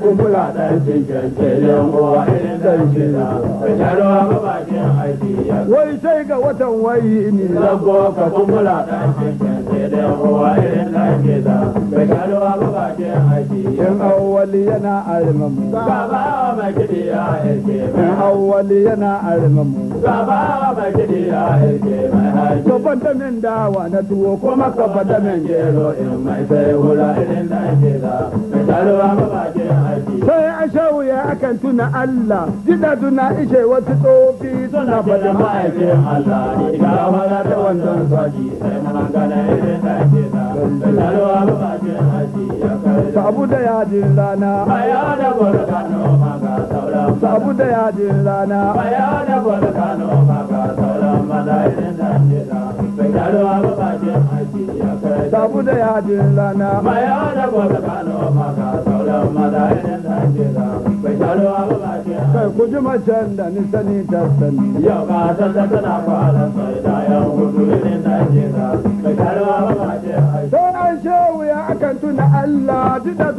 kumbura da cikin cikin kowa irin zan shina ka sharuwa a aiki ya wai sai ga watan wayi ne zango ka kumbura da cikin cikin kowa irin zan shina in awwali yana arimamu baba mai kidi ya irke in awwali yana arimamu baba mai kidi ya irke to fanta min dawa na tuwo kuma ka fanta min gero in mai sai wula irin da ke da mai taruwa mabakin haji sai a shawu ya akan tuna Allah jida tuna ishe wasu tsofi suna fadin ma'aikin Allah ga mara da wannan saji sai mun irin da ke da mai taruwa mabakin sabu da yajin rana baya da ma maka sauran sabu da yajin rana baya da ma maka sauran mana irin nan jira bai daro abu bakin aiki ya kai sabu da yajin rana baya da ma maka sauran mana irin nan jira bai daro abu bakin kai ku ji macen da ni sani ta sani yau ka san da tana kwanan sai da yan hudu irin nan jira bai daro abu bakin gidan shehu ya akan tuna Allah duk da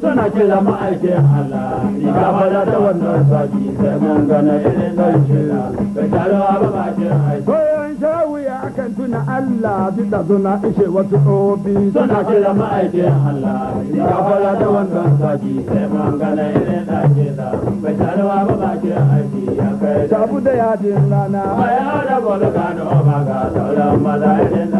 suna kira ma'aikin Allah ni gaba da wannan sai mun gane irin nan da taro a bakin aiki koyon shehu ya akan tuna Allah duk da suna ishe wasu suna kira ma'aikin Allah ni da wannan sai mun gane irin nan a bakin aiki ya kai sabu da ba ya da bolo gano ba ga irin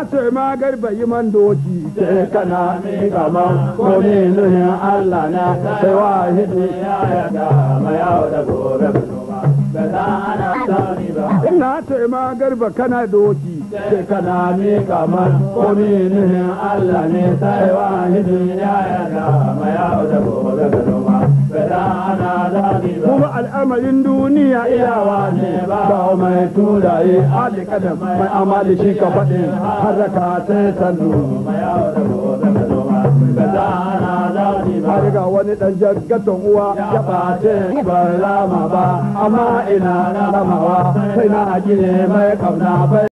ya ma garba yi man doki ce kana kama. ko ne nuhin Allah na sai wa hidi ya ga mai yau da gobe Ina ce ma garba kana doki ce kana kama. ko komi nuhin Allah ne sai wa hidi ya yaga mai yau da gobe kuma al'amarin duniya iyawa ne ba mai turaye alikada mai amali shi ka faɗi haraka sai sannu har ga wani ɗan jagatan uwa ya ɓace ban rama ba amma ina na ramawa sai na gine mai kamna bai